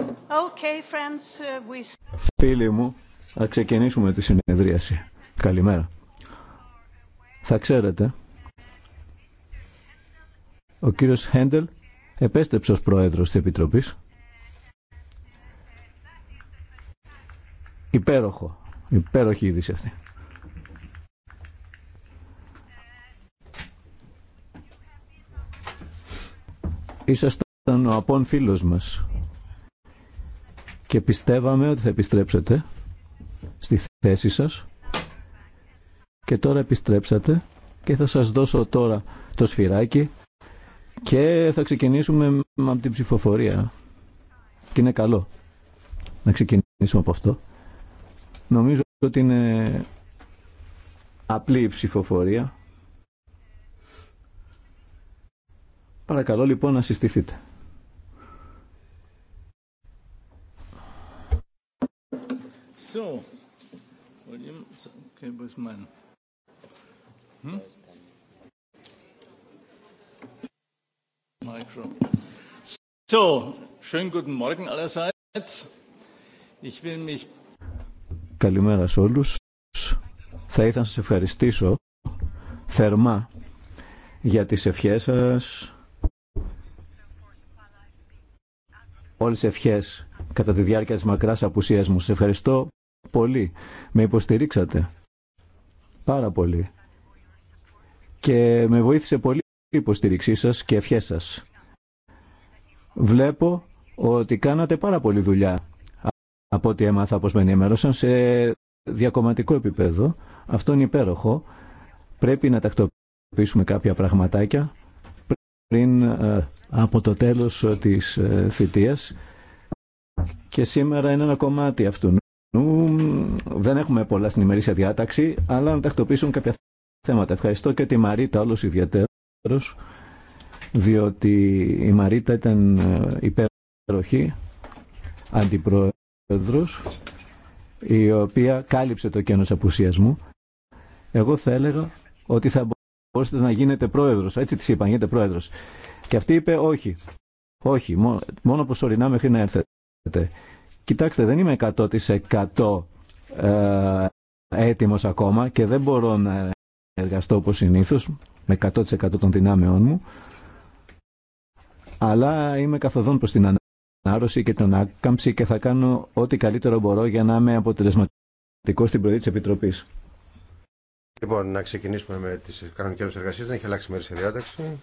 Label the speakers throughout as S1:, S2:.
S1: Uh, Φίλοι μου, θα ξεκινήσουμε τη συνεδρίαση. Καλημέρα. Θα ξέρετε, ο κύριος Χέντελ επέστρεψε ως πρόεδρος της Επιτροπής. Υπέροχο, υπέροχη είδηση αυτή. Ήσασταν ο απόν φίλος μας και πιστεύαμε ότι θα επιστρέψετε στη θέση σας και τώρα επιστρέψατε και θα σας δώσω τώρα το σφυράκι και θα ξεκινήσουμε με την ψηφοφορία και είναι καλό να ξεκινήσουμε από αυτό νομίζω ότι είναι απλή η ψηφοφορία παρακαλώ λοιπόν να συστηθείτε So, okay, Busmann. Hm? Micro. So, schönen guten Morgen allerseits. Ich will mich... Καλημέρα σε όλου. Θα ήθελα να σα ευχαριστήσω θερμά για τι ευχέ σα. Όλε τι ευχέ κατά τη διάρκεια τη μακρά απουσία μου. Σα ευχαριστώ πολύ. Με υποστηρίξατε. Πάρα πολύ. Και με βοήθησε πολύ η υποστήριξή σας και ευχές σας. Βλέπω ότι κάνατε πάρα πολύ δουλειά από ό,τι έμαθα πως με ενημέρωσαν σε διακομματικό επίπεδο. Αυτό είναι υπέροχο. Πρέπει να τακτοποιήσουμε κάποια πραγματάκια πριν ε, από το τέλος της ε, θητείας και σήμερα είναι ένα κομμάτι αυτού. Δεν έχουμε πολλά στην ημερήσια διάταξη, αλλά να τακτοποιήσουν κάποια θέματα. Ευχαριστώ και τη Μαρίτα όλο ιδιαίτερος, διότι η Μαρίτα ήταν ε, υπέροχη, αντιπρόεδρος, η οποία κάλυψε το κενό απουσία μου. Εγώ θα έλεγα ότι θα μπορούσατε να γίνετε πρόεδρος. Έτσι της είπα, γίνετε πρόεδρος. Και αυτή είπε όχι. Όχι, μόνο, μόνο προσωρινά μέχρι να έρθετε. Κοιτάξτε, δεν είμαι 100% ε, έτοιμος ακόμα και δεν μπορώ να εργαστώ όπως συνήθως με 100% των δυνάμεών μου αλλά είμαι καθοδόν προς την ανάρρωση και την άκαμψη και θα κάνω ό,τι καλύτερο μπορώ για να είμαι αποτελεσματικό στην πρωί της Επιτροπής.
S2: Λοιπόν, να ξεκινήσουμε με τις κανονικές εργασίες. Δεν έχει αλλάξει μέρη σε διάταξη.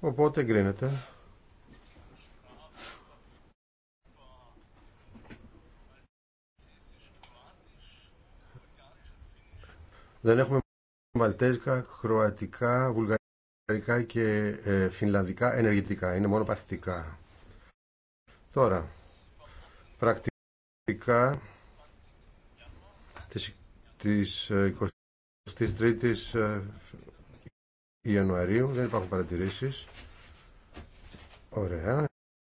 S2: Οπότε εγκρίνεται. Δεν έχουμε μαλτέζικα, χροατικά, βουλγαρικά και ε, φινλανδικά ενεργητικά. Είναι μόνο παθητικά. Τώρα, πρακτικά της, της 23ης ε, ε, Ιανουαρίου. Δεν υπάρχουν παρατηρήσεις. Ωραία.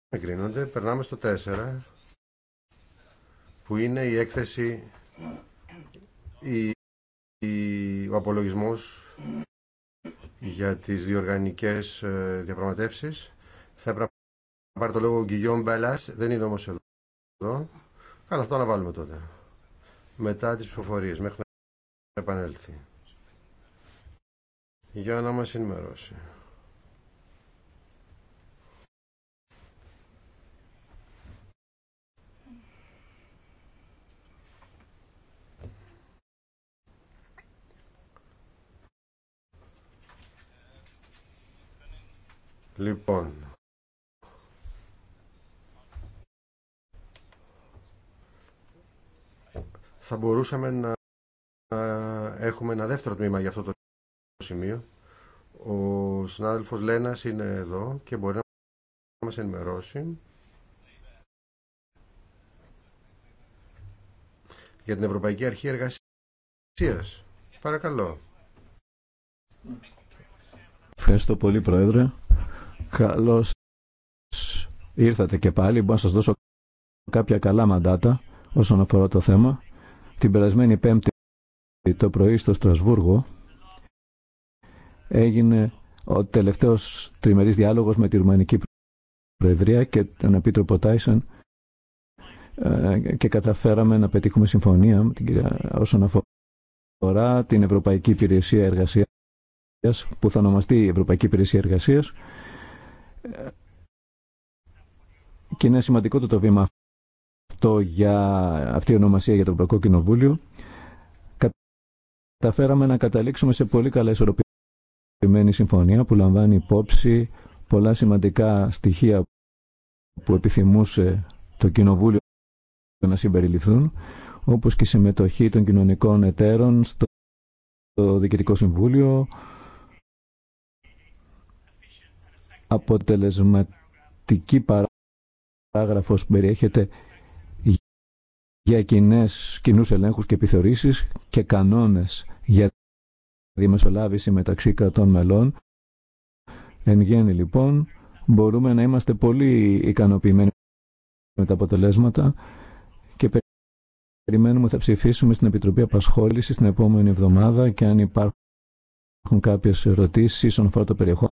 S2: Εγκρίνονται. Περνάμε στο 4 που είναι η έκθεση η ο απολογισμός για τις διοργανικές ε, διαπραγματεύσεις. Θα έπρεπε να πάρει το λόγο ο Γκυγιόν Μπελάς, δεν είναι όμως εδώ. Καλά, αυτό να βάλουμε τότε. Μετά τις ψηφοφορίες, μέχρι να επανέλθει. Για να μας ενημερώσει.
S3: Λοιπόν,
S2: θα μπορούσαμε να έχουμε ένα δεύτερο τμήμα για αυτό το σημείο. Ο συνάδελφος Λένας είναι εδώ και μπορεί να μας ενημερώσει για την Ευρωπαϊκή Αρχή Εργασίας. Παρακαλώ.
S1: Ευχαριστώ πολύ, Πρόεδρε. Καλώς ήρθατε και πάλι. Μπορώ να σας δώσω κάποια καλά μαντάτα όσον αφορά το θέμα. Την περασμένη πέμπτη το πρωί στο Στρασβούργο έγινε ο τελευταίος τριμερής διάλογος με τη Ρουμανική Προεδρία και τον Επίτροπο Τάισον ε, και καταφέραμε να πετύχουμε συμφωνία όσον αφορά την Ευρωπαϊκή Υπηρεσία Εργασίας που θα ονομαστεί η Ευρωπαϊκή Υπηρεσία Εργασίας και είναι σημαντικό το, βήμα αυτό για αυτή η ονομασία για το Ευρωπαϊκό Κοινοβούλιο. Καταφέραμε να καταλήξουμε σε πολύ καλά ισορροπημένη συμφωνία που λαμβάνει υπόψη πολλά σημαντικά στοιχεία που επιθυμούσε το Κοινοβούλιο να συμπεριληφθούν, όπως και η συμμετοχή των κοινωνικών εταίρων στο Διοικητικό Συμβούλιο, αποτελεσματική παράγραφος που περιέχεται για κοινές, κοινούς ελέγχους και επιθεωρήσεις και κανόνες για διαμεσολάβηση μεταξύ κρατών μελών. Εν γέννη λοιπόν μπορούμε να είμαστε πολύ ικανοποιημένοι με τα αποτελέσματα και περιμένουμε θα ψηφίσουμε στην Επιτροπή Απασχόλησης την επόμενη εβδομάδα και αν υπάρχουν κάποιες ερωτήσεις όσον αφορά το περιεχόμενο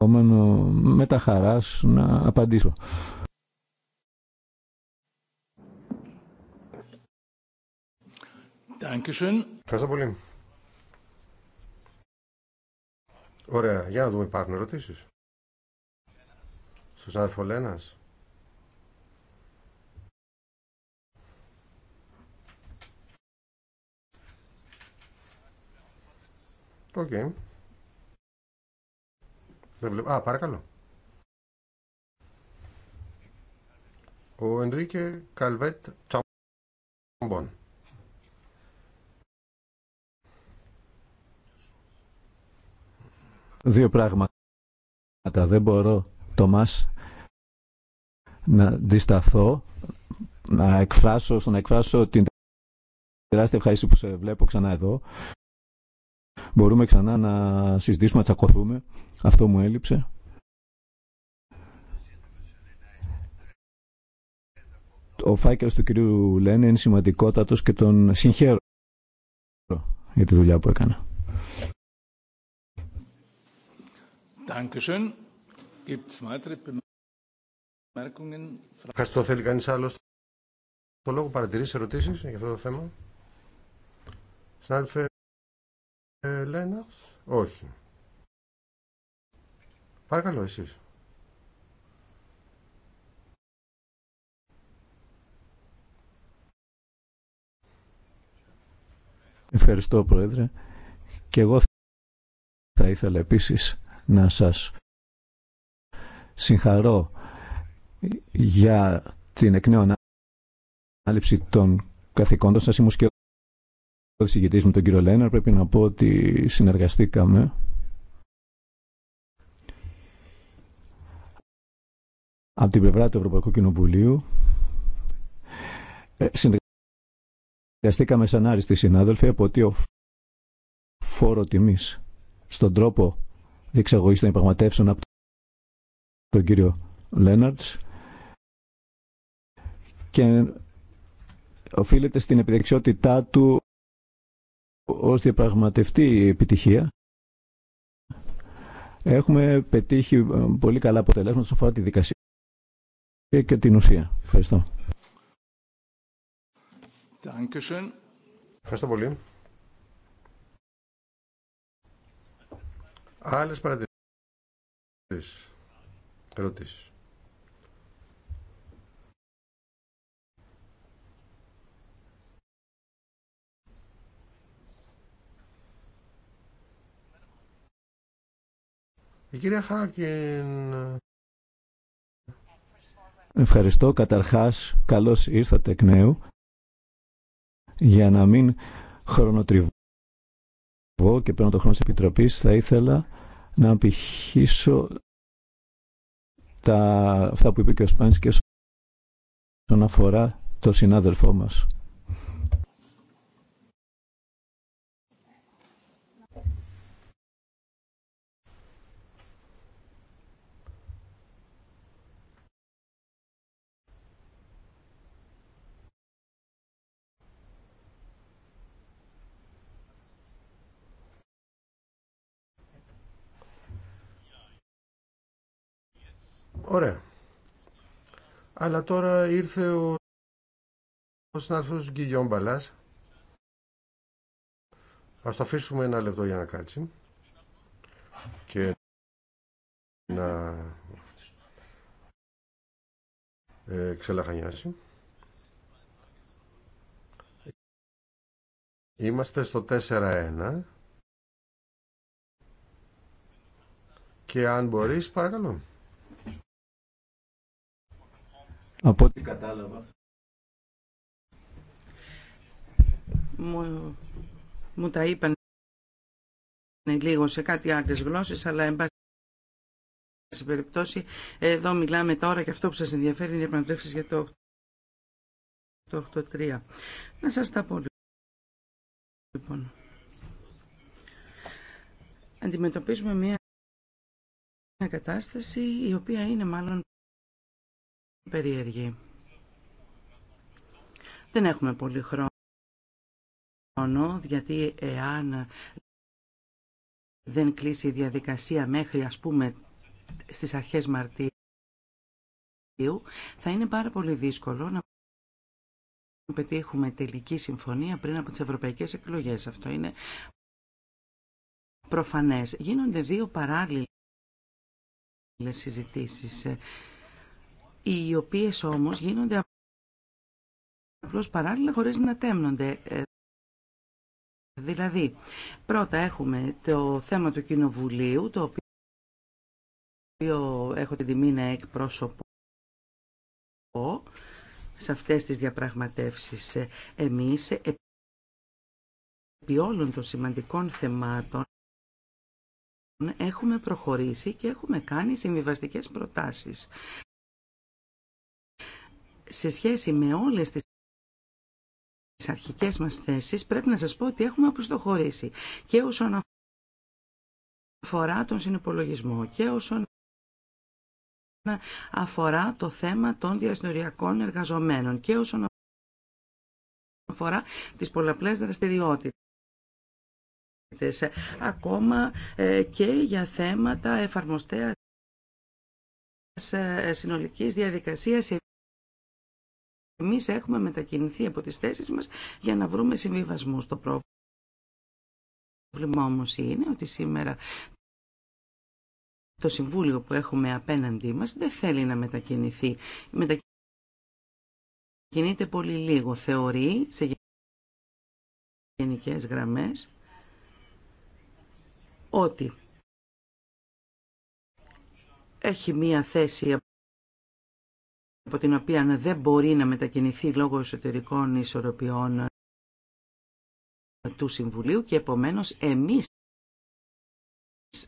S1: επόμενο με τα χαράς να απαντήσω.
S2: Ευχαριστώ πολύ. Ωραία, για να δούμε υπάρχουν ερωτήσεις. Στον συνάδελφο Λένας. Οκ. Okay. Δεν βλέπω. Α, παρακαλώ. Ο Ενρίκε Καλβέτ Τσαμπον.
S1: Δύο πράγματα. Δεν μπορώ, Τομάς, να αντισταθώ, να εκφράσω, να εκφράσω την τεράστια ευχαρίστηση που σε βλέπω ξανά εδώ μπορούμε ξανά να συζητήσουμε, να τσακωθούμε. Αυτό μου έλειψε. Ο φάκελος του κυρίου Λένε είναι σημαντικότατος και τον συγχαίρω για τη δουλειά που έκανα.
S2: Ευχαριστώ. Θέλει κανείς άλλος το λόγο παρατηρήσει ερωτήσεις για αυτό το θέμα. Συνάδελφε όχι. Παρακαλώ εσείς.
S1: Ευχαριστώ Πρόεδρε. Και εγώ θα ήθελα επίσης να σας συγχαρώ για την εκ νέου ανάληψη των καθηκόντων σας. Ήμουν και ο συγκεκριτής με τον κύριο Λέναρ πρέπει να πω ότι συνεργαστήκαμε από την πλευρά του Ευρωπαϊκού Κοινοβουλίου. Ε, συνεργαστήκαμε σαν άριστοι συνάδελφοι από ότι ο φόρο τιμής στον τρόπο διεξαγωγής των υπραγματεύσεων από τον κύριο Λέναρτς και οφείλεται στην επιδεξιότητά του ως διαπραγματευτή επιτυχία. Έχουμε πετύχει ε, πολύ καλά αποτελέσματα σε αφορά τη δικασία και την ουσία. Ευχαριστώ.
S2: Ευχαριστώ πολύ. Άλλες παρατηρήσεις. Ερωτήσεις. Η κυρία Χάκιν.
S1: Ευχαριστώ καταρχάς. Καλώς ήρθατε εκ νέου. Για να μην χρονοτριβώ και παίρνω το χρόνο της Επιτροπής, θα ήθελα να απηχήσω τα, αυτά που είπε και ο Σπάνης και όσον αφορά το συνάδελφό μας.
S2: Ωραία. Αλλά τώρα ήρθε ο, ο συνάδελφος Γκυγιόν Μπαλάς. Ας το αφήσουμε ένα λεπτό για να κάτσει και να ε, ξελαχανιάσει. Είμαστε στο 4-1 και αν μπορείς παρακαλώ. Από ό,τι κατάλαβα.
S3: Μου, μου τα είπαν λίγο σε κάτι άλλες γλώσσες, αλλά εν πάση περιπτώσει εδώ μιλάμε τώρα και αυτό που σας ενδιαφέρει είναι οι επαναπτεύσεις για το 8.3. Να σας τα πω λοιπόν. Αντιμετωπίζουμε μια κατάσταση η οποία είναι μάλλον δεν έχουμε πολύ χρόνο, γιατί εάν δεν κλείσει η διαδικασία μέχρι, ας πούμε, στις αρχές Μαρτίου, θα είναι πάρα πολύ δύσκολο να πετύχουμε τελική συμφωνία πριν από τις ευρωπαϊκές εκλογές. Αυτό είναι προφανές. Γίνονται δύο παράλληλες συζητήσεις οι οποίες όμως γίνονται απλώς παράλληλα χωρίς να τέμνονται. Ε, δηλαδή, πρώτα έχουμε το θέμα του Κοινοβουλίου, το οποίο έχω την τιμή να εκπρόσωπω σε αυτές τις διαπραγματεύσεις ε, εμείς επί όλων των σημαντικών θεμάτων έχουμε προχωρήσει και έχουμε κάνει συμβιβαστικές προτάσεις σε σχέση με όλες τις τις αρχικές μας θέσεις, πρέπει να σας πω ότι έχουμε αποστοχωρήσει και όσον αφορά τον συνυπολογισμό και όσον αφορά το θέμα των διασυνοριακών εργαζομένων και όσον αφορά τις πολλαπλές δραστηριότητες. Ακόμα ε, και για θέματα εφαρμοστέας ε, συνολικής διαδικασίας εμείς έχουμε μετακινηθεί από τις θέσεις μας για να βρούμε πρόβλημα. Το πρόβλημα όμως είναι ότι σήμερα το Συμβούλιο που έχουμε απέναντί μας δεν θέλει να μετακινηθεί. Μετακινείται πολύ λίγο. Θεωρεί σε γενικές γραμμές ότι έχει μία θέση από την οποία δεν μπορεί να μετακινηθεί λόγω εσωτερικών ισορροπιών του Συμβουλίου και επομένως εμείς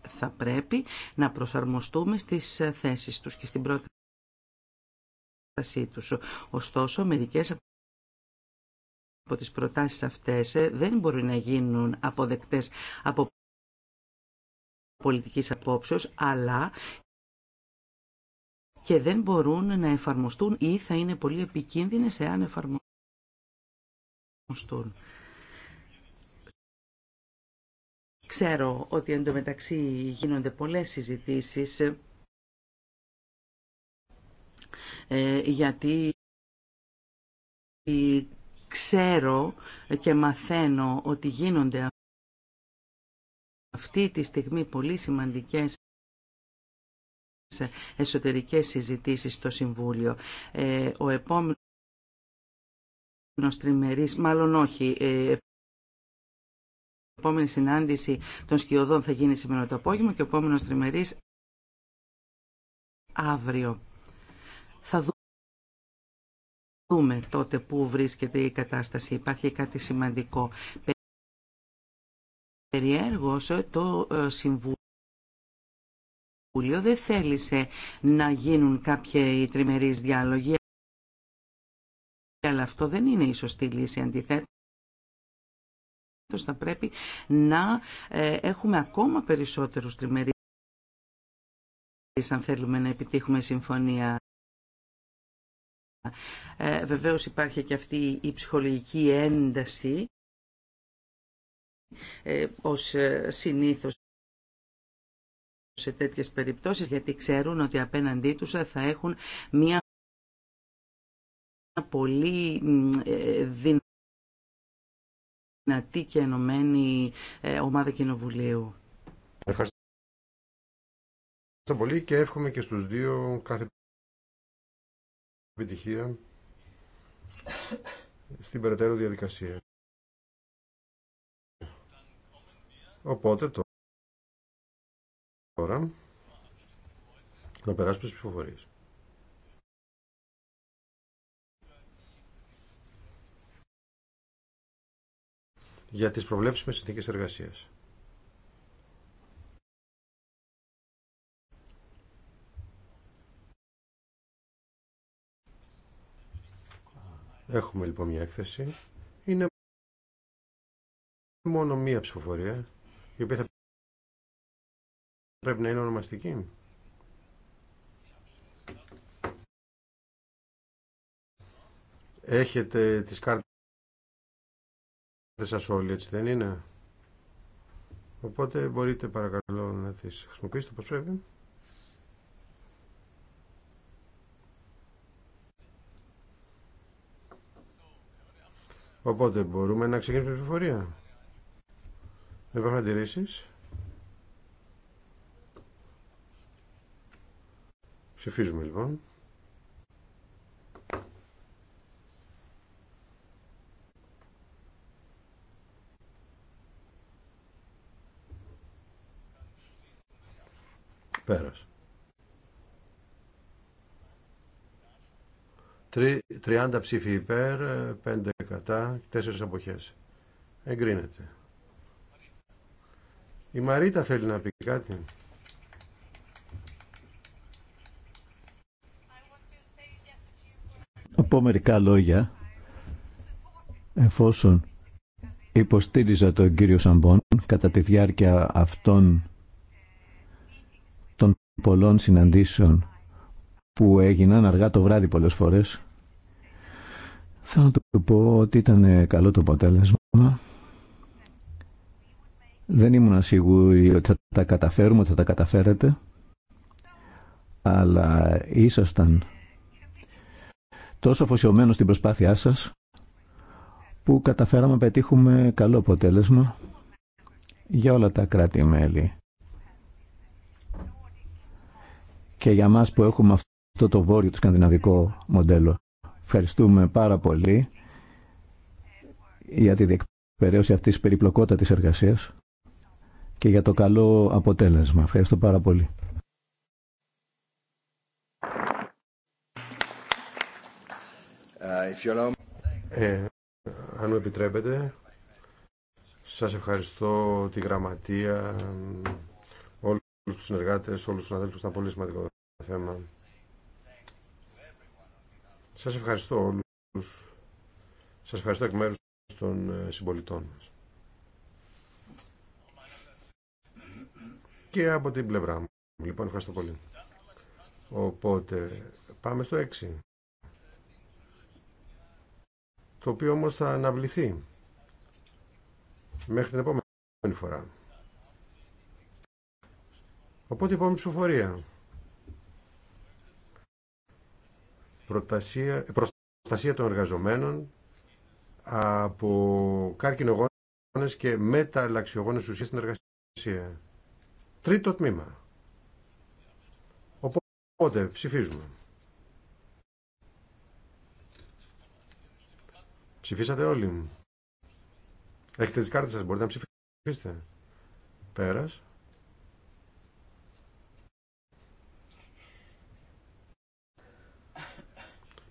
S3: θα πρέπει να προσαρμοστούμε στις θέσεις τους και στην πρότασή τους. Ωστόσο, μερικές από τις προτάσεις αυτές δεν μπορούν να γίνουν αποδεκτές από πολιτικής απόψεως, αλλά και δεν μπορούν να εφαρμοστούν ή θα είναι πολύ επικίνδυνες εάν εφαρμοστούν. Ξέρω ότι εντωμεταξύ γίνονται πολλές συζητήσεις ε, γιατί ξέρω και μαθαίνω ότι γίνονται αυτή τη στιγμή πολύ σημαντικές εσωτερικές συζητήσεις στο Συμβούλιο. Ε, ο επόμενος τριμερής, μάλλον όχι, ε, η επόμενη συνάντηση των σκιωδών θα γίνει σήμερα το απόγευμα και ο επόμενος τριμερής αύριο. Θα δούμε τότε πού βρίσκεται η κατάσταση. Υπάρχει κάτι σημαντικό. Περιέργως ε, το ε, Συμβούλιο δεν θέλησε να γίνουν κάποια τριμερείς διάλογοι, αλλά αυτό δεν είναι η σωστή λύση αντιθετω Θα πρέπει να ε, έχουμε ακόμα περισσότερους τριμερείς αν θέλουμε να επιτύχουμε συμφωνία. Ε, βεβαίως υπάρχει και αυτή η ψυχολογική ένταση ε, ως ε, συνήθως σε τέτοιες περιπτώσεις γιατί ξέρουν ότι απέναντί τους θα έχουν μια πολύ ε, δυνατή και ενωμένη ε, ομάδα κοινοβουλίου.
S2: Ευχαριστώ πολύ και εύχομαι και στους δύο κάθε επιτυχία στην περαιτέρω διαδικασία. Οπότε το
S3: Τώρα να περάσουμε στις ψηφοφορίες.
S2: για τις προβλέψεις με συνθήκες εργασίας. Έχουμε λοιπόν μια έκθεση. Είναι μόνο μία ψηφοφορία η οποία Πρέπει να είναι ονομαστική. Έχετε τις κάρτες σας όλοι, έτσι δεν είναι. Οπότε μπορείτε παρακαλώ να τις χρησιμοποιήσετε όπως πρέπει. Οπότε μπορούμε να ξεκινήσουμε την πληροφορία. Δεν υπάρχουν αντιρρήσεις. Ψηφίζουμε λοιπόν. Πέρας. 30 ψήφοι υπέρ, 5 ε, κατά, 4 αποχές. Εγκρίνεται. Η Μαρίτα θέλει να πει κάτι.
S1: Να πω μερικά λόγια. Εφόσον υποστήριζα τον κύριο Σαμπόν κατά τη διάρκεια αυτών των πολλών συναντήσεων που έγιναν αργά το βράδυ πολλές φορές, θα του πω ότι ήταν καλό το αποτέλεσμα. Δεν ήμουν σίγουροι ότι θα τα καταφέρουμε, ότι θα τα καταφέρετε, αλλά ήσασταν τόσο αφοσιωμένο στην προσπάθειά σας που καταφέραμε να πετύχουμε καλό αποτέλεσμα για όλα τα κράτη-μέλη. Και για μας που έχουμε αυτό το βόρειο, του σκανδιναβικό μοντέλο. Ευχαριστούμε πάρα πολύ για τη διεκπαιρέωση αυτής της περιπλοκότατης εργασίας και για το καλό αποτέλεσμα. Ευχαριστώ πάρα πολύ.
S2: Ε, ε, αν μου επιτρέπετε, σας ευχαριστώ τη γραμματεία, όλους τους συνεργάτες, όλους τους αδέλφους, ήταν πολύ σημαντικό το θέμα. Σας ευχαριστώ όλους. Σας ευχαριστώ εκ μέρους των ε, συμπολιτών μας. Και από την πλευρά μου. Λοιπόν, ευχαριστώ πολύ. Οπότε, πάμε στο 6 το οποίο όμως θα αναβληθεί μέχρι την επόμενη φορά. Οπότε η επόμενη ψηφοφορία. προστασία των εργαζομένων από καρκινογόνες και μεταλλαξιογόνες ουσίες στην εργασία. Τρίτο τμήμα. Οπότε ψηφίζουμε. Ψηφίσατε όλοι. Έχετε τις κάρτες σας, μπορείτε να ψηφίσετε. Πέρας.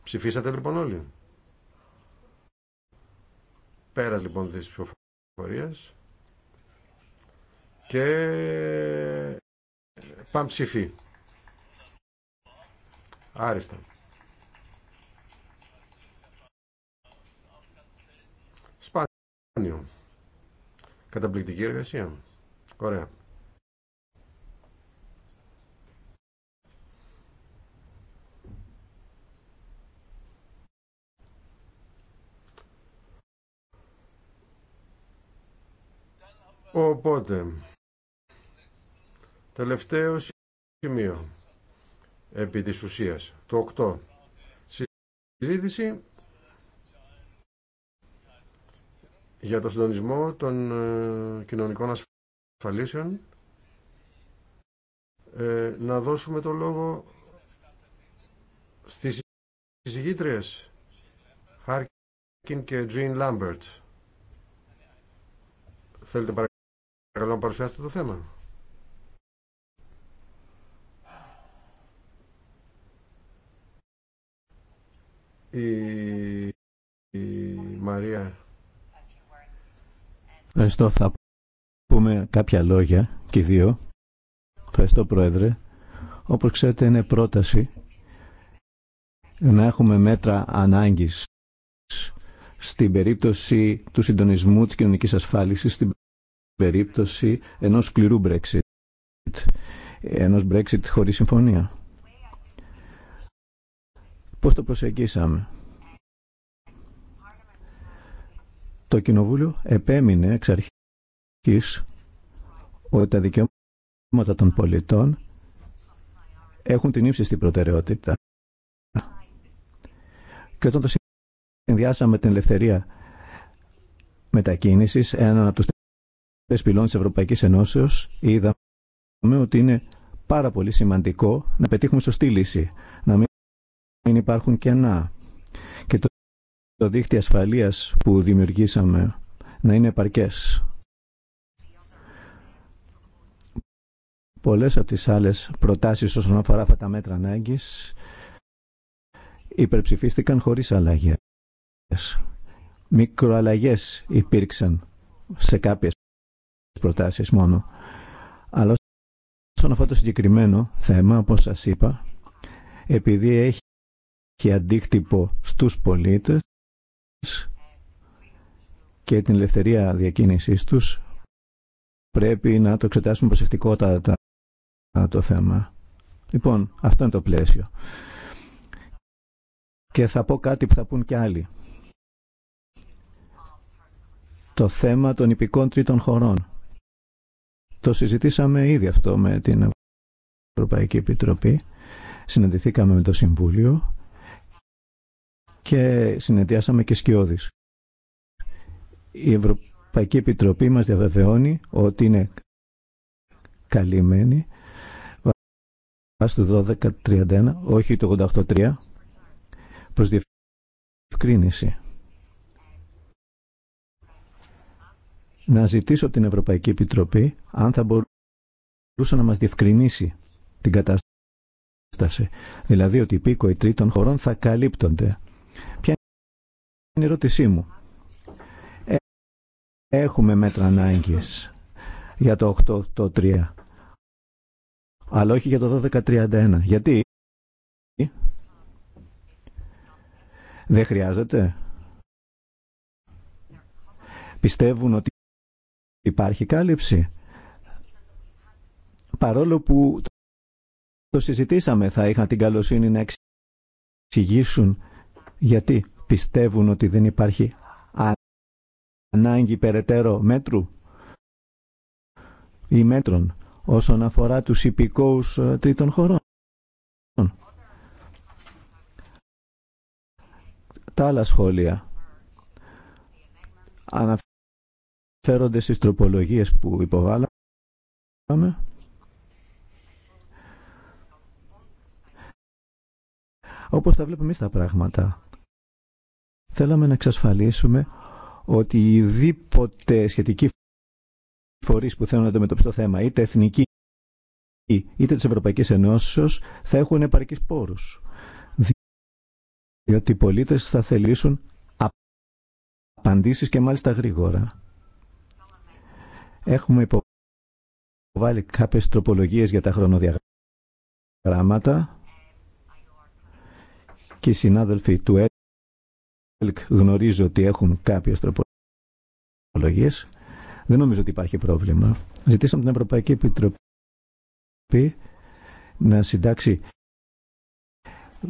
S2: Ψηφίσατε λοιπόν όλοι. Πέρας λοιπόν της ψηφοφορίας. Και Πάμε ψηφί. Άριστα. Καταπληκτική εργασία. Ωραία. Οπότε, τελευταίο σημείο επί της ουσίας, το 8. Συζήτηση για το συντονισμό των ε, κοινωνικών ασφαλίσεων ε, να δώσουμε το λόγο στις εισηγήτριες Χάρκιν και Τζιν Λάμπερτ. Θέλετε παρακαλώ να παρουσιάσετε το θέμα. Η, η Μαρία
S1: Ευχαριστώ. Θα πούμε κάποια λόγια και δύο. Ευχαριστώ, Πρόεδρε. Όπω ξέρετε, είναι πρόταση να έχουμε μέτρα ανάγκης στην περίπτωση του συντονισμού τη κοινωνικής ασφάλισης, στην περίπτωση ενός σκληρού Brexit, ενός Brexit χωρίς συμφωνία. Πώς το προσεγγίσαμε. Το Κοινοβούλιο επέμεινε εξ αρχής ότι τα δικαιώματα των πολιτών έχουν την ύψιστη προτεραιότητα. Και όταν το συνδυάσαμε την ελευθερία μετακίνησης, έναν από τους τέσσερις πυλών της Ευρωπαϊκής Ενώσεως, είδαμε ότι είναι πάρα πολύ σημαντικό να πετύχουμε σωστή λύση, να μην υπάρχουν κενά το δίχτυ ασφαλείας που δημιουργήσαμε να είναι επαρκές. Πολλές από τις άλλες προτάσεις όσον αφορά αυτά τα μέτρα ανάγκης υπερψηφίστηκαν χωρίς αλλαγές. Μικροαλλαγές υπήρξαν σε κάποιες προτάσεις μόνο. Αλλά όσον αφορά το συγκεκριμένο θέμα, όπως σας είπα, επειδή έχει και αντίκτυπο στους πολίτες, και την ελευθερία διακίνησής τους πρέπει να το εξετάσουμε προσεκτικότατα το θέμα. Λοιπόν, αυτό είναι το πλαίσιο. Και θα πω κάτι που θα πούν και άλλοι. Το θέμα των υπηκών τρίτων χωρών. Το συζητήσαμε ήδη αυτό με την Ευρωπαϊκή Επιτροπή. Συναντηθήκαμε με το Συμβούλιο και συνεδριάσαμε και σκιώδης. Η Ευρωπαϊκή Επιτροπή μας διαβεβαιώνει ότι είναι καλυμμένη βάσει του 1231, όχι του 883, προς διευκρίνηση. Να ζητήσω την Ευρωπαϊκή Επιτροπή αν θα μπορούσε να μας διευκρινίσει την κατάσταση. Δηλαδή ότι οι πίκοοι τρίτων χωρών θα καλύπτονται είναι ερώτησή μου. Ε, έχουμε μέτρα ανάγκης για το 8, το 3, αλλά όχι για το 1231. Γιατί δεν χρειάζεται. Πιστεύουν ότι υπάρχει κάλυψη. Παρόλο που το συζητήσαμε, θα είχαν την καλοσύνη να εξηγήσουν γιατί πιστεύουν ότι δεν υπάρχει ανάγκη περαιτέρω μέτρου ή μέτρων όσον αφορά τους υπηκόους ε, τρίτων χωρών. Τα άλλα σχόλια αναφέρονται στις τροπολογίες που υποβάλαμε. Όπως τα βλέπουμε εμείς τα πράγματα θέλαμε να εξασφαλίσουμε ότι οι δίποτε σχετικοί φορείς που θέλουν να αντιμετωπίσουν το θέμα, είτε εθνική είτε της Ευρωπαϊκής Ενώσεως, θα έχουν επαρκείς πόρους. Διότι οι πολίτες θα θελήσουν απαντήσεις και μάλιστα γρήγορα. Έχουμε υποβάλει κάποιες τροπολογίες για τα χρονοδιαγράμματα και οι συνάδελφοι του γνωρίζω ότι έχουν κάποιε τροπολογίε. Δεν νομίζω ότι υπάρχει πρόβλημα. Ζητήσαμε την Ευρωπαϊκή Επιτροπή να συντάξει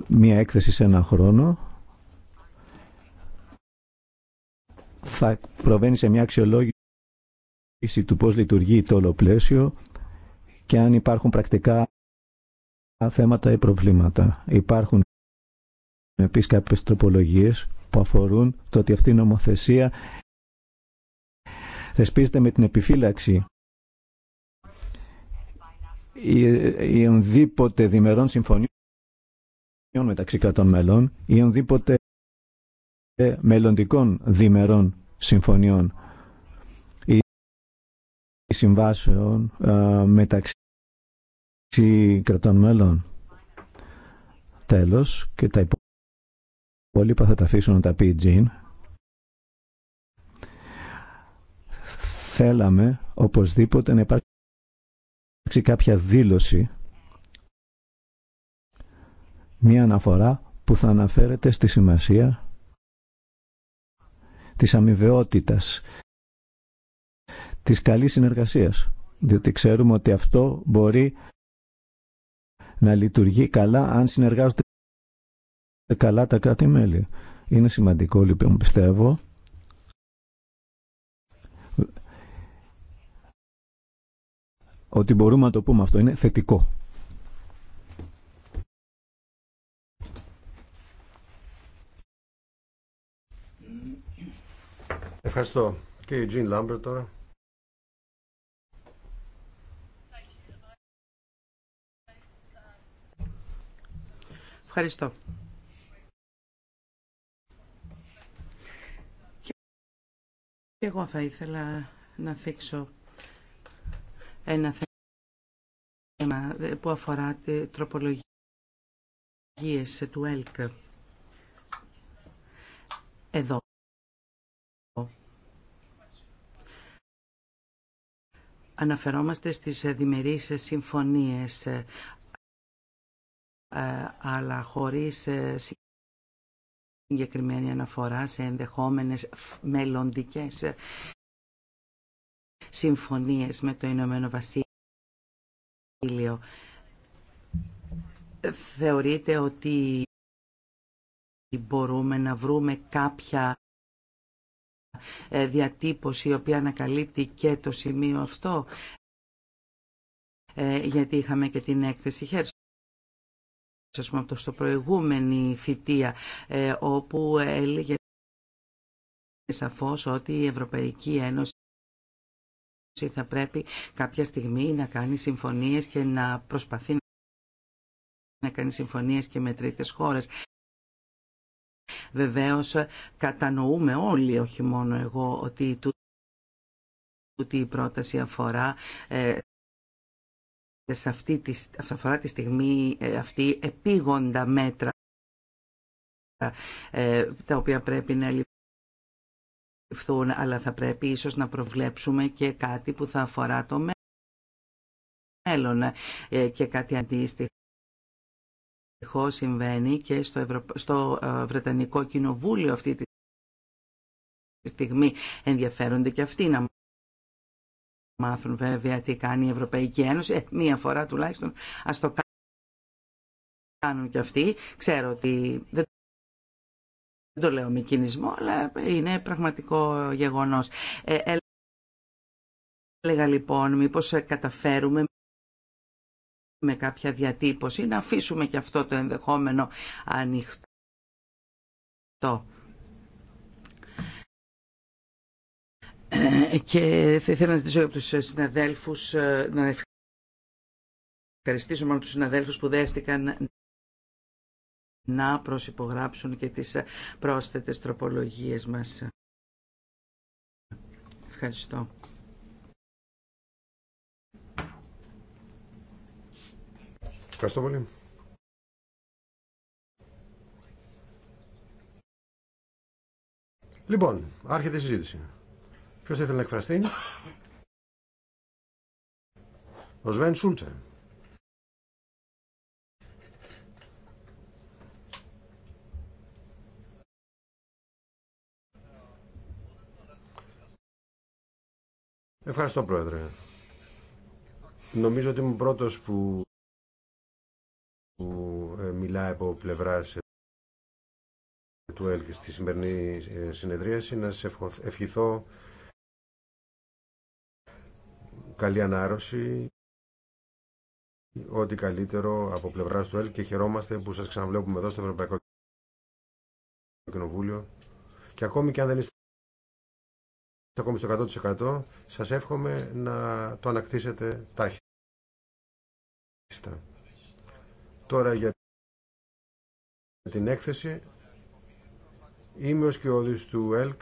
S1: μία έκθεση σε ένα χρόνο. Θα προβαίνει σε μια αξιολόγηση του πώς λειτουργεί το όλο πλαίσιο και αν υπάρχουν πρακτικά θέματα ή προβλήματα. Υπάρχουν επίσης κάποιες τροπολογίες που αφορούν το ότι αυτή η νομοθεσία θεσπίζεται με την επιφύλαξη ή ενδήποτε διμερών συμφωνιών μεταξύ κρατών μελών ή ενδήποτε μελλοντικών διμερών συμφωνιών ή συμβάσεων ε, μεταξύ κρατών μελών. Τέλος και τα υπόλοιπα υπόλοιπα θα τα αφήσω να τα πει η Τζιν. Θέλαμε οπωσδήποτε να υπάρξει κάποια δήλωση, μία αναφορά που θα αναφέρεται στη σημασία της αμοιβαιότητας, της καλής συνεργασίας, διότι ξέρουμε ότι αυτό μπορεί να λειτουργεί καλά αν συνεργάζονται ε, καλά τα κράτη-μέλη. Είναι σημαντικό λοιπόν πιστεύω ότι μπορούμε να το πούμε αυτό. Είναι θετικό.
S2: Ευχαριστώ. Και η Τζιν
S3: Λάμπερ τώρα. Ευχαριστώ. Και εγώ θα ήθελα να θίξω ένα θέμα που αφορά τροπολογίες του ΕΛΚ. Εδώ. Αναφερόμαστε στις διμερείς συμφωνίες, ε, αλλά χωρίς ε, συγκεκριμένη αναφορά σε ενδεχόμενες μελλοντικές συμφωνίες με το Ηνωμένο Βασίλειο. Θεωρείτε ότι μπορούμε να βρούμε κάποια ε, διατύπωση η οποία ανακαλύπτει και το σημείο αυτό, ε, γιατί είχαμε και την έκθεση ας πούμε, το στο προηγούμενη θητεία ε, όπου έλεγε σαφώς ότι η Ευρωπαϊκή Ένωση θα πρέπει κάποια στιγμή να κάνει συμφωνίες και να προσπαθεί να κάνει συμφωνίες και με τρίτες χώρες. Βεβαίως κατανοούμε όλοι, όχι μόνο εγώ, ότι η πρόταση αφορά ε, σε αυτή τη, αφορά τη στιγμή ε, αυτή επίγοντα μέτρα ε, τα οποία πρέπει να ληφθούν, αλλά θα πρέπει ίσως να προβλέψουμε και κάτι που θα αφορά το μέλλον ε, και κάτι αντίστοιχο. Συμβαίνει και στο, στο Βρετανικό Κοινοβούλιο αυτή τη στιγμή ενδιαφέρονται και αυτοί να μάθουν βέβαια τι κάνει η Ευρωπαϊκή Ένωση. Ε, μία φορά τουλάχιστον ας το κάνουν και αυτοί. Ξέρω ότι δεν το λέω με κινησμό, αλλά είναι πραγματικό γεγονός. Ε, έλεγα λοιπόν μήπως καταφέρουμε με κάποια διατύπωση να αφήσουμε και αυτό το ενδεχόμενο ανοιχτό. και θα ήθελα να ζητήσω από τους συναδέλφους ε, να ευχαριστήσω μόνο τους συναδέλφους που δέχτηκαν να προσυπογράψουν και τις πρόσθετες τροπολογίες μας. Ευχαριστώ. Ευχαριστώ πολύ.
S2: Λοιπόν, άρχεται η συζήτηση. Ποιο θα ήθελε να εκφραστεί? Ο Σβέν Σούλτσε. Ευχαριστώ Πρόεδρε. Νομίζω ότι είμαι πρώτος που, που ε, μιλάει από πλευράς ε, του ΕΛΚ στη σημερινή ε, συνεδρίαση να σε ευχηθώ καλή ανάρρωση, ό,τι καλύτερο από πλευράς του ΕΛΚ και χαιρόμαστε που σας ξαναβλέπουμε εδώ στο Ευρωπαϊκό Κοινοβούλιο και ακόμη και αν δεν είστε ακόμη στο 100% σας εύχομαι να το ανακτήσετε τάχιστα. Τώρα για την έκθεση είμαι ο σκιώδης του ΕΛΚ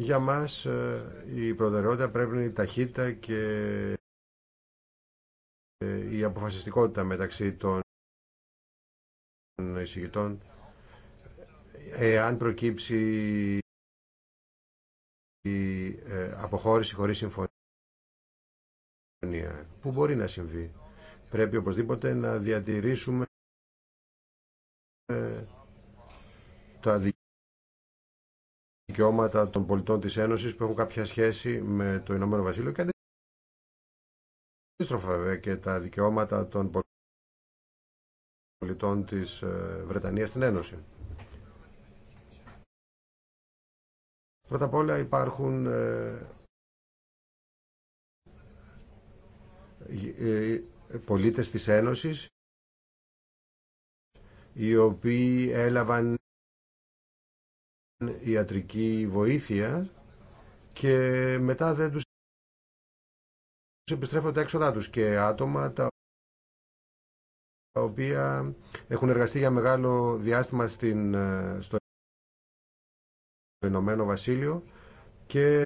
S2: Για μας ε, η προτεραιότητα πρέπει να είναι η ταχύτητα και ε, η αποφασιστικότητα μεταξύ των εισηγητών. Αν προκύψει η ε, αποχώρηση χωρίς συμφωνία, που μπορεί να συμβεί, πρέπει οπωσδήποτε να διατηρήσουμε τα δικαιώματα δικαιώματα των πολιτών της Ένωσης που έχουν κάποια σχέση με το Ηνωμένο Βασίλειο και αντίστροφα βέβαια και τα δικαιώματα των πολιτών της ε, Βρετανίας στην Ένωση. Πρώτα απ' όλα υπάρχουν ε, ε, πολίτες της Ένωσης οι οποίοι έλαβαν ιατρική βοήθεια και μετά δεν τους επιστρέφουν τα έξοδά τους και άτομα τα οποία έχουν εργαστεί για μεγάλο διάστημα στην, ε, στο Ηνωμένο Βασίλειο και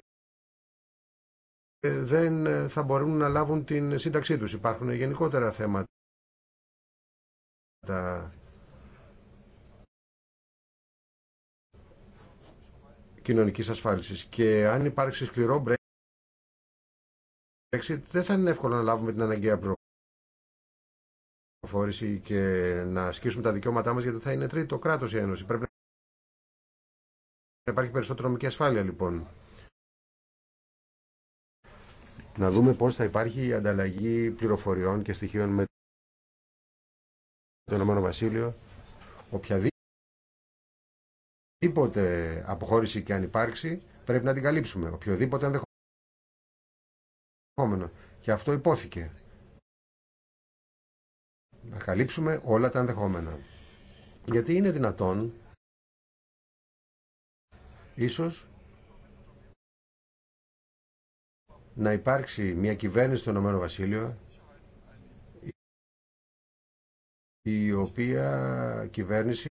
S2: δεν θα μπορούν να λάβουν την σύνταξή τους. Υπάρχουν γενικότερα θέματα Κοινωνική ασφάλισης. Και αν υπάρξει σκληρό Brexit, δεν θα είναι εύκολο να λάβουμε την αναγκαία προφόρηση και να ασκήσουμε τα δικαιώματά μας, γιατί θα είναι τρίτο κράτος η Ένωση. Πρέπει να υπάρχει περισσότερο νομική ασφάλεια, λοιπόν. Να δούμε πώς θα υπάρχει η ανταλλαγή πληροφοριών και στοιχείων με το Ηνωμένο Βασίλειο. Οποιαδήποτε αποχώρηση και αν υπάρξει πρέπει να την καλύψουμε. Οποιοδήποτε ενδεχόμενο. Και αυτό υπόθηκε. Να καλύψουμε όλα τα ενδεχόμενα. Γιατί είναι δυνατόν ίσως να υπάρξει μια κυβέρνηση στον Ηνωμένο Βασίλειο η οποία κυβέρνηση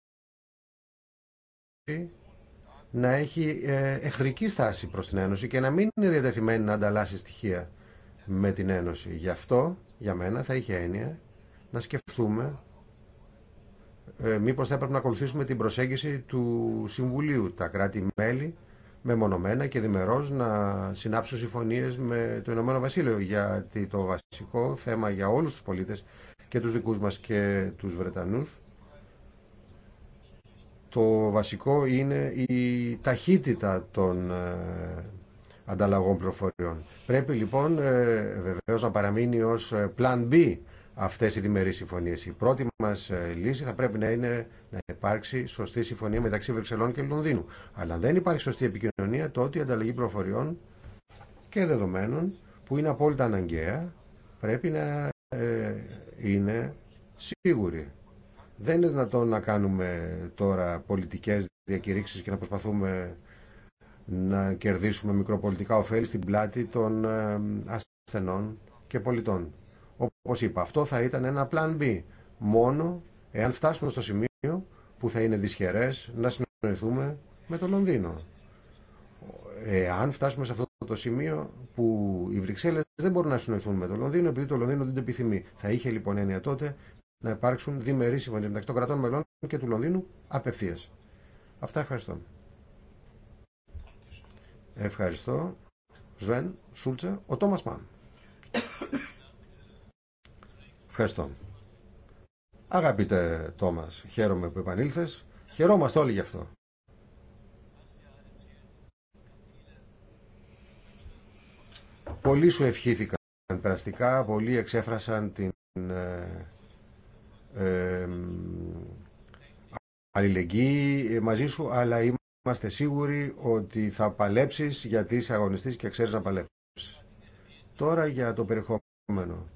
S2: να έχει ε, εχθρική στάση προς την Ένωση και να μην είναι διατεθειμένη να ανταλλάσσει στοιχεία με την Ένωση. Γι' αυτό, για μένα, θα είχε έννοια να σκεφτούμε ε, μήπως θα έπρεπε να ακολουθήσουμε την προσέγγιση του Συμβουλίου. Τα κράτη-μέλη μεμονωμένα και διμερώς να συνάψουν συμφωνίες με το Ηνωμένο Βασίλειο γιατί το βασικό θέμα για όλους τους πολίτες και τους δικούς μας και τους Βρετανούς το βασικό είναι η ταχύτητα των ε, ανταλλαγών προφοριών. Πρέπει λοιπόν ε, βεβαίως να παραμείνει ως plan ε, B αυτές οι διμερείς συμφωνίες. Η πρώτη μας λύση θα πρέπει να είναι να υπάρξει σωστή συμφωνία μεταξύ Βρυξελών και Λονδίνου. Αλλά αν δεν υπάρχει σωστή επικοινωνία, τότε η ανταλλαγή προφοριών και δεδομένων που είναι απόλυτα αναγκαία πρέπει να είναι σίγουρη. Δεν είναι δυνατόν να κάνουμε τώρα πολιτικές διακηρύξεις και να προσπαθούμε να κερδίσουμε μικροπολιτικά ωφέλη στην πλάτη των ε, ασθενών και πολιτών. Όπως είπα, αυτό θα ήταν ένα plan B. Μόνο εάν φτάσουμε στο σημείο που θα είναι δυσχερές να συνοηθούμε με το Λονδίνο. Εάν φτάσουμε σε αυτό το σημείο που οι Βρυξέλλες δεν μπορούν να συνοηθούν με το Λονδίνο επειδή το Λονδίνο δεν το επιθυμεί. Θα είχε λοιπόν έννοια τότε να υπάρξουν διμερεί συμφωνίε μεταξύ των κρατών μελών και του Λονδίνου απευθεία. Αυτά ευχαριστώ. Ευχαριστώ. Ζουέν, Σούλτσε, ο Τόμας Μαν. Ευχαριστώ. Αγαπητέ Τόμας, χαίρομαι που επανήλθε. Χαιρόμαστε όλοι γι' αυτό. Πολλοί σου ευχήθηκαν περαστικά, πολλοί εξέφρασαν την ε, αλληλεγγύη μαζί σου, αλλά είμαστε σίγουροι ότι θα παλέψει γιατί είσαι αγωνιστής και ξέρεις να παλέψεις. Τώρα για το περιεχόμενο.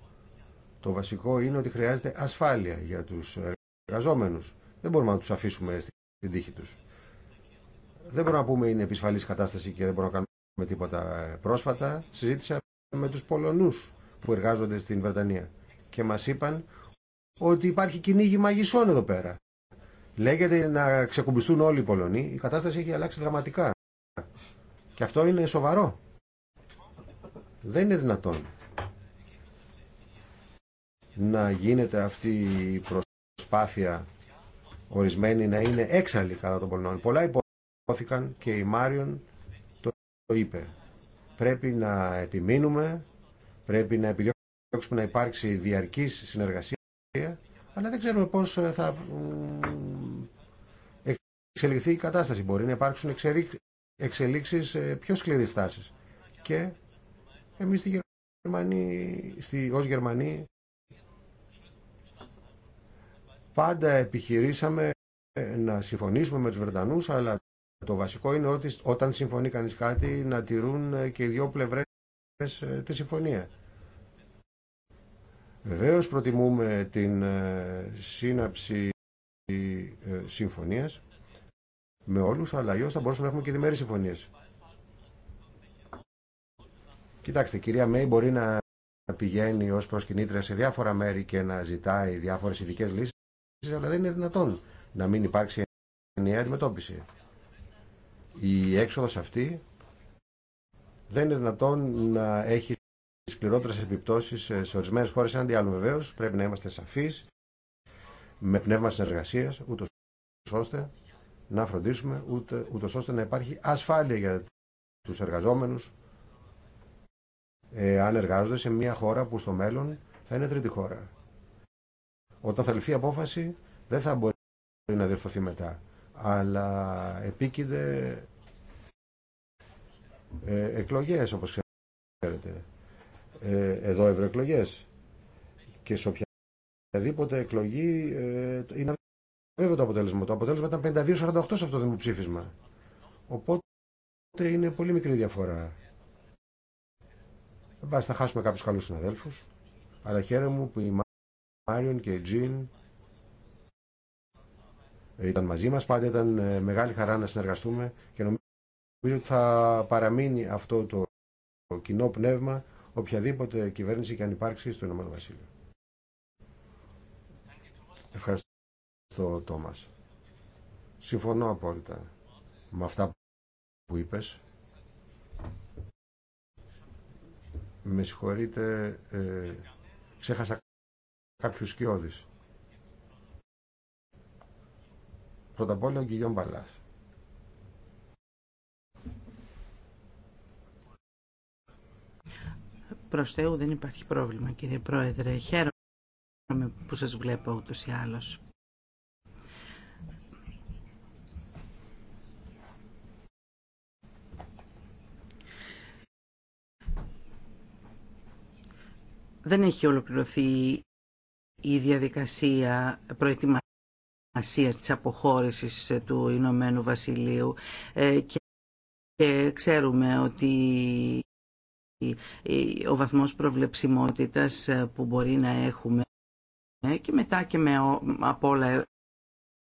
S2: Το βασικό είναι ότι χρειάζεται ασφάλεια για τους εργαζόμενους. Δεν μπορούμε να τους αφήσουμε στην τύχη τους. Δεν μπορούμε να πούμε είναι επισφαλής κατάσταση και δεν μπορούμε να κάνουμε τίποτα πρόσφατα. Συζήτησα με τους Πολωνούς που εργάζονται στην Βρετανία και μας είπαν ότι υπάρχει κυνήγι μαγισσών εδώ πέρα. Λέγεται να ξεκουμπιστούν όλοι οι Πολωνοί. Η κατάσταση έχει αλλάξει δραματικά. Και αυτό είναι σοβαρό. Δεν είναι δυνατόν να γίνεται αυτή η προσπάθεια ορισμένη να είναι έξαλλη κατά των Πολωνών. Πολλά υπόθηκαν και η Μάριον το είπε. Πρέπει να επιμείνουμε, πρέπει να επιδιώξουμε να υπάρξει διαρκής συνεργασία ε, αλλά δεν ξέρουμε πώς ε, θα εξελιχθεί η κατάσταση. Μπορεί να υπάρξουν εξελίξεις ε, πιο σκληρή Και εμείς στη Γερμανία, στη, ως Γερμανοί πάντα επιχειρήσαμε να συμφωνήσουμε με τους Βρετανούς, αλλά το βασικό είναι ότι όταν συμφωνεί κανείς κάτι να τηρούν και οι δυο πλευρές τη συμφωνία. Βεβαίως προτιμούμε την ε, σύναψη ε, συμφωνίας με όλους, αλλά αλλιώς θα μπορούσαμε να έχουμε και διμέρες συμφωνίες. Κοιτάξτε, η κυρία Μέη μπορεί να πηγαίνει ως προσκυνήτρια σε διάφορα μέρη και να ζητάει διάφορες ειδικέ λύσεις, αλλά δεν είναι δυνατόν να μην υπάρξει ενιαία αντιμετώπιση. Η έξοδος αυτή δεν είναι δυνατόν να έχει σκληρότερε επιπτώσει ε, σε ορισμένε χώρε έναντι άλλων. Βεβαίω, πρέπει να είμαστε σαφεί, με πνεύμα συνεργασία, ούτω ώστε να φροντίσουμε, ούτω ώστε να υπάρχει ασφάλεια για του εργαζόμενου, ε, αν εργάζονται σε μια χώρα που στο μέλλον θα είναι τρίτη χώρα. Όταν θα ληφθεί απόφαση, δεν θα μπορεί να διορθωθεί μετά. Αλλά επίκυνται ε, εκλογές, όπως ξέρετε. Ε, εδώ ευρωεκλογέ. Και σε οποιαδήποτε εκλογή ε, είναι βέβαιο το αποτέλεσμα. Το αποτέλεσμα ήταν 52-48 σε αυτό το δημοψήφισμα. Οπότε είναι πολύ μικρή διαφορά. Μπας, θα χάσουμε κάποιου καλού συναδέλφου. αλλά χαίρομαι μου που η Μάριον και η Τζιν ε, ήταν μαζί μας. Πάντα ήταν μεγάλη χαρά να συνεργαστούμε και νομίζω ότι θα παραμείνει αυτό το κοινό πνεύμα οποιαδήποτε κυβέρνηση και αν υπάρξει στο Ηνωμένο Βασίλειο. Ευχαριστώ, Τόμας. Συμφωνώ απόλυτα με αυτά που είπες. Με συγχωρείτε, ε, ξέχασα κάποιους σκιώδεις. Πρώτα απ' όλα ο Μπαλάς.
S3: Προς Θεού δεν υπάρχει πρόβλημα κύριε Πρόεδρε. Χαίρομαι που σας βλέπω ούτως ή άλλως. Δεν έχει ολοκληρωθεί η διαδικασία προετοιμασίας της αποχώρησης του Ηνωμένου Βασιλείου ε, και ξέρουμε ότι ο βαθμός προβλεψιμότητας ε, που μπορεί να έχουμε ε, και μετά και με από όλα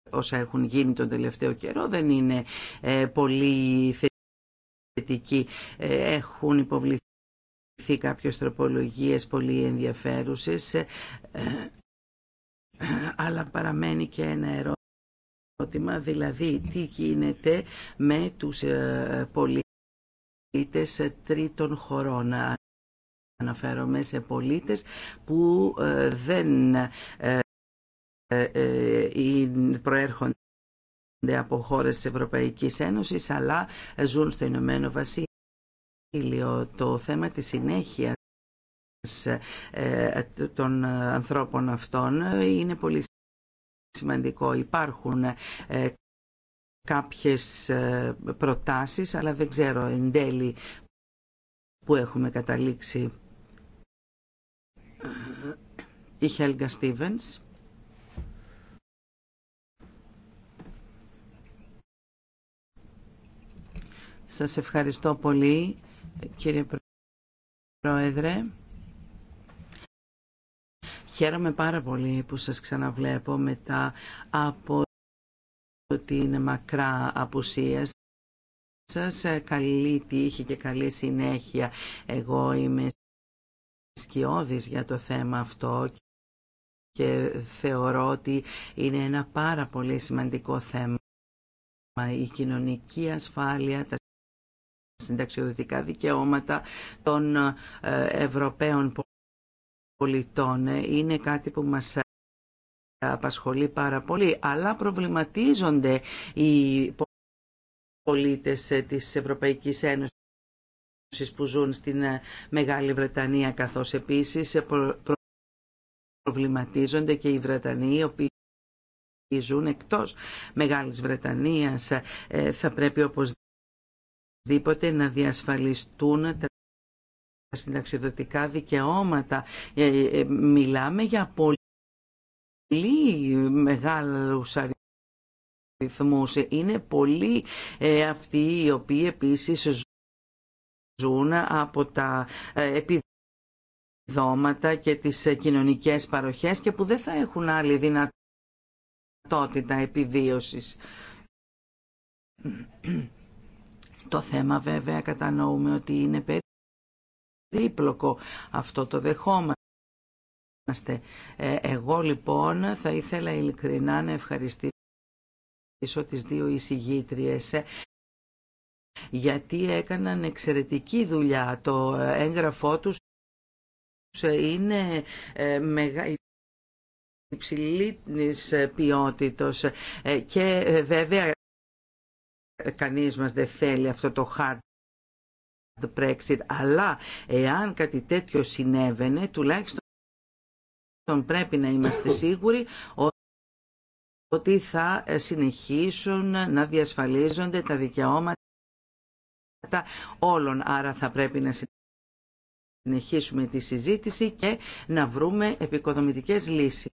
S3: όσα έχουν γίνει τον τελευταίο καιρό δεν είναι ε, πολύ θετική. Έχουν υποβληθεί κάποιες τροπολογίες πολύ ενδιαφέρουσες αλλά παραμένει και ένα ερώτημα δηλαδή τι γίνεται με τους πολίτες πολίτες τρίτων χωρών. Αναφέρομαι σε πολίτες που ε, δεν ε, ε, προέρχονται από χώρες της Ευρωπαϊκής Ένωσης αλλά ζουν στο Ηνωμένο Βασίλειο. Το θέμα της συνέχειας των ανθρώπων αυτών είναι πολύ σημαντικό. Υπάρχουν κάποιες ε, προτάσεις, αλλά δεν ξέρω εν τέλει που έχουμε καταλήξει. Η Χέλγα Στίβενς. Σας ευχαριστώ πολύ, κύριε Πρόεδρε. Χαίρομαι πάρα πολύ που σας ξαναβλέπω μετά από είναι μακρά απουσία σας. Ε, καλή τύχη και καλή συνέχεια. Εγώ είμαι σκιώδης για το θέμα αυτό και θεωρώ ότι είναι ένα πάρα πολύ σημαντικό θέμα. Η κοινωνική ασφάλεια, τα συνταξιοδοτικά δικαιώματα των ε, Ευρωπαίων πολιτών είναι κάτι που μας απασχολεί πάρα πολύ, αλλά προβληματίζονται οι πολίτες ε, της Ευρωπαϊκής Ένωσης που ζουν στην ε, Μεγάλη Βρετανία, καθώς επίσης ε, προβληματίζονται και οι Βρετανοί, οι οποίοι ζουν εκτός Μεγάλης Βρετανίας. Θα πρέπει οπωσδήποτε να διασφαλιστούν τα συνταξιδοτικά δικαιώματα. Μιλάμε για πολύ πολύ μεγάλους αριθμούς. Είναι πολλοί ε, αυτοί οι οποίοι επίσης ζουν από τα ε, επιδόματα και τις ε, κοινωνικές παροχές και που δεν θα έχουν άλλη δυνατότητα επιβίωσης. Το θέμα βέβαια κατανοούμε ότι είναι περίπλοκο. Αυτό το δεχόμενο. Ε, εγώ λοιπόν θα ήθελα ειλικρινά να ευχαριστήσω τις δύο εισηγήτριες ε, γιατί έκαναν εξαιρετική δουλειά. Το έγγραφό τους είναι ε, μεγάλη υψηλής ποιότητος και βέβαια κανείς μας δεν θέλει αυτό το hard Brexit, αλλά εάν κάτι τέτοιο συνέβαινε, τουλάχιστον πρέπει να είμαστε σίγουροι ότι θα ε, συνεχίσουν να διασφαλίζονται τα δικαιώματα όλων. Άρα θα πρέπει να συνεχίσουμε τη συζήτηση και να βρούμε επικοδομητικές λύσεις.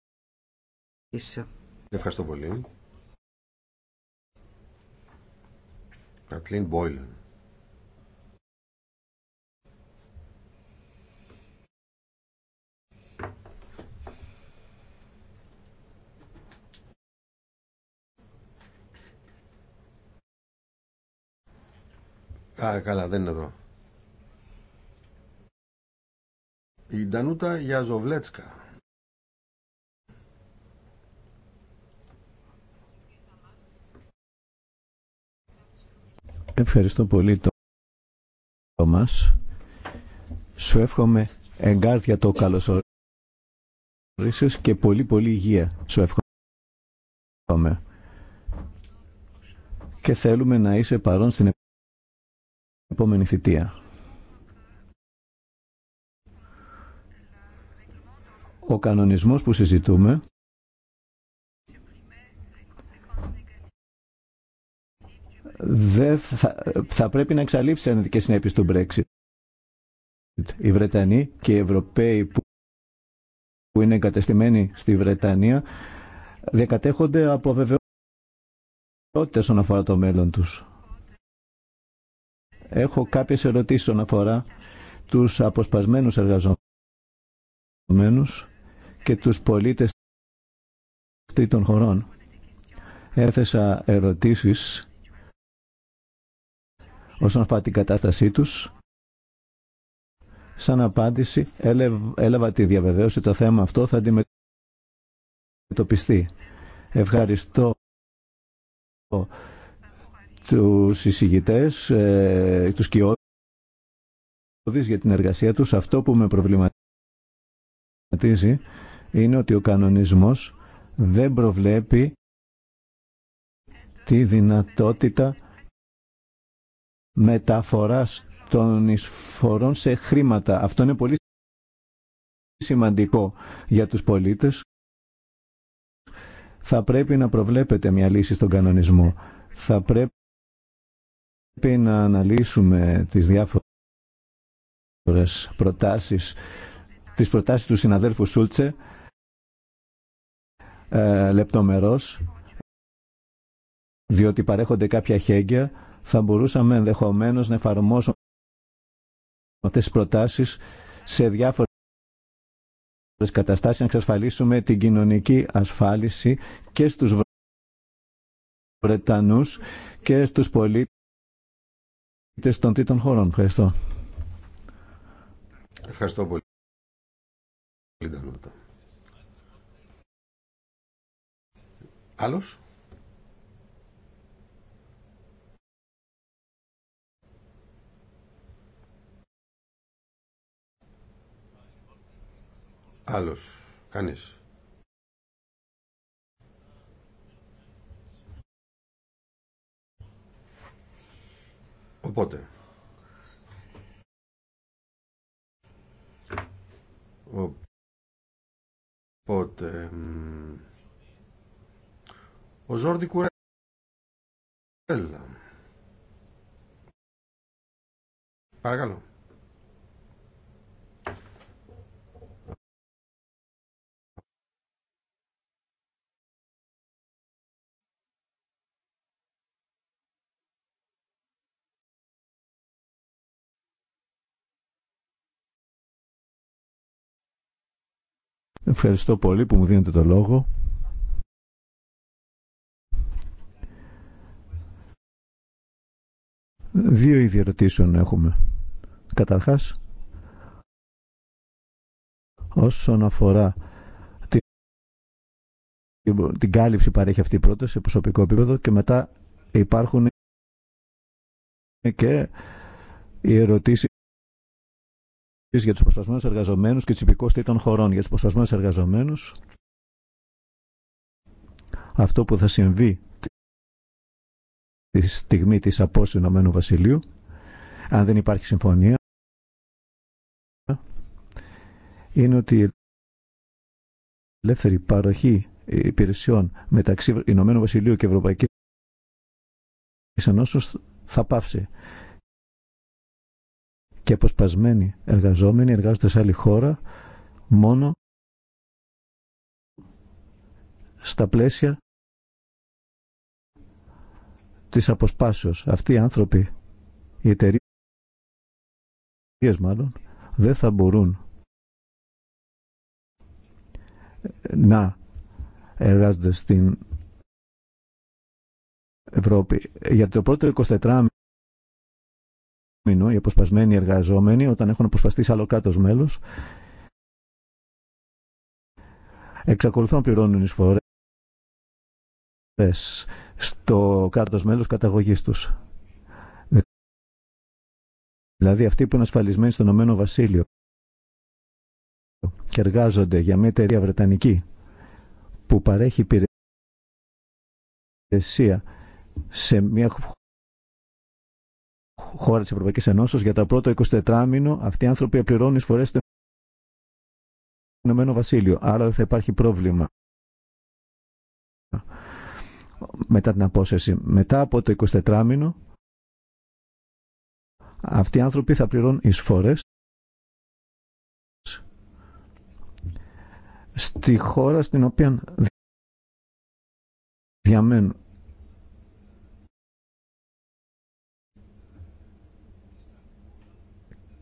S2: Ευχαριστώ πολύ. Κατλίν Μπόιλεν. Α, καλά, δεν είναι εδώ. Η Ντανούτα Γιαζοβλέτσκα.
S1: Ευχαριστώ πολύ το μας. Σου εύχομαι εγκάρδια το καλωσορίσεις και πολύ πολύ υγεία. Σου εύχομαι. Και θέλουμε να είσαι παρόν στην επόμενη θητεία. Ο κανονισμός που συζητούμε θα, πρέπει να εξαλείψει αρνητικές συνέπειες του Brexit. Οι Βρετανοί και οι Ευρωπαίοι που, είναι εγκατεστημένοι στη Βρετανία διακατέχονται από βεβαιότητες όσον αφορά το μέλλον τους. Έχω κάποιες ερωτήσεις όσον αφορά τους αποσπασμένους εργαζομένους και τους πολίτες τρίτων χωρών. Έθεσα ερωτήσεις όσον αφορά την κατάστασή τους. Σαν απάντηση έλαβα τη διαβεβαίωση το θέμα αυτό θα αντιμετωπιστεί. Ευχαριστώ τους εισηγητές, ε, τους κοιόδης για την εργασία τους. Αυτό που με προβληματίζει είναι ότι ο κανονισμός δεν προβλέπει τη δυνατότητα μεταφοράς των εισφορών σε χρήματα. Αυτό είναι πολύ σημαντικό για τους πολίτες. Θα πρέπει να προβλέπετε μια λύση στον κανονισμό. Θα πρέπει Πρέπει να αναλύσουμε τις διάφορες προτάσεις, τις προτάσεις του συναδέλφου Σούλτσε ε, λεπτομερώς, διότι παρέχονται κάποια χέγγια, θα μπορούσαμε ενδεχομένω να εφαρμόσουμε αυτές τις προτάσεις σε διάφορες καταστάσεις να εξασφαλίσουμε την κοινωνική ασφάλιση και στους Βρετανούς και στους πολίτες των τρίτων χώρων. Ευχαριστώ.
S2: Ευχαριστώ πολύ. Άλλος. Άλλος. Κανείς. Οπότε, οπότε ο Ζόρντι Κουρέλα. Παρακαλώ.
S1: Ευχαριστώ πολύ που μου δίνετε το λόγο. Δύο είδη ερωτήσεων έχουμε. Καταρχάς, όσον αφορά την κάλυψη παρέχει αυτή η πρόταση σε προσωπικό επίπεδο και μετά υπάρχουν και οι ερωτήσεις για του προστασμένους εργαζομένους και τι υπηκότητε των χωρών. Για του προστασμένους εργαζομένους αυτό που θα συμβεί τη στιγμή τη απόσυνομενου του Ηνωμένου Βασιλείου αν δεν υπάρχει συμφωνία είναι ότι η ελεύθερη παροχή υπηρεσιών μεταξύ Ηνωμένου Βασιλείου και Ευρωπαϊκή, Ενώσεω θα πάψει και αποσπασμένοι εργαζόμενοι εργάζονται σε άλλη χώρα μόνο στα πλαίσια της αποσπάσεως. Αυτοί οι άνθρωποι, οι εταιρείε μάλλον, δεν θα μπορούν να εργάζονται στην Ευρώπη. Για το πρώτο 24 οι αποσπασμένοι εργαζόμενοι όταν έχουν αποσπαστεί σε άλλο κράτο μέλο εξακολουθούν να πληρώνουν εισφορέ στο κράτο μέλο καταγωγή του. Δηλαδή αυτοί που είναι ασφαλισμένοι στον Ηνωμένο Βασίλειο και εργάζονται για μια εταιρεία βρετανική που παρέχει υπηρεσία σε μια χώρα τη Ευρωπαϊκή Ενώσεω για το πρώτο 24 μήνο αυτοί οι άνθρωποι πληρώνουν εισφορέ στο Ηνωμένο Βασίλειο. Άρα δεν θα υπάρχει πρόβλημα μετά την απόσταση. Μετά από το 24 μήνο αυτοί οι άνθρωποι θα πληρώνουν εισφορέ στη χώρα στην οποία διαμένουν.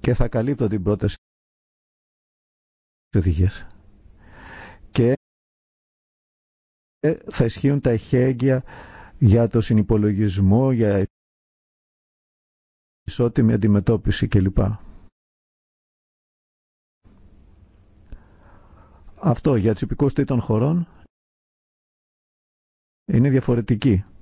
S1: και θα καλύπτω την πρόταση οδηγίας. Και θα ισχύουν τα εχέγγυα για το συνυπολογισμό, για ισότιμη αντιμετώπιση κλπ. Αυτό για τις χωρών είναι διαφορετική.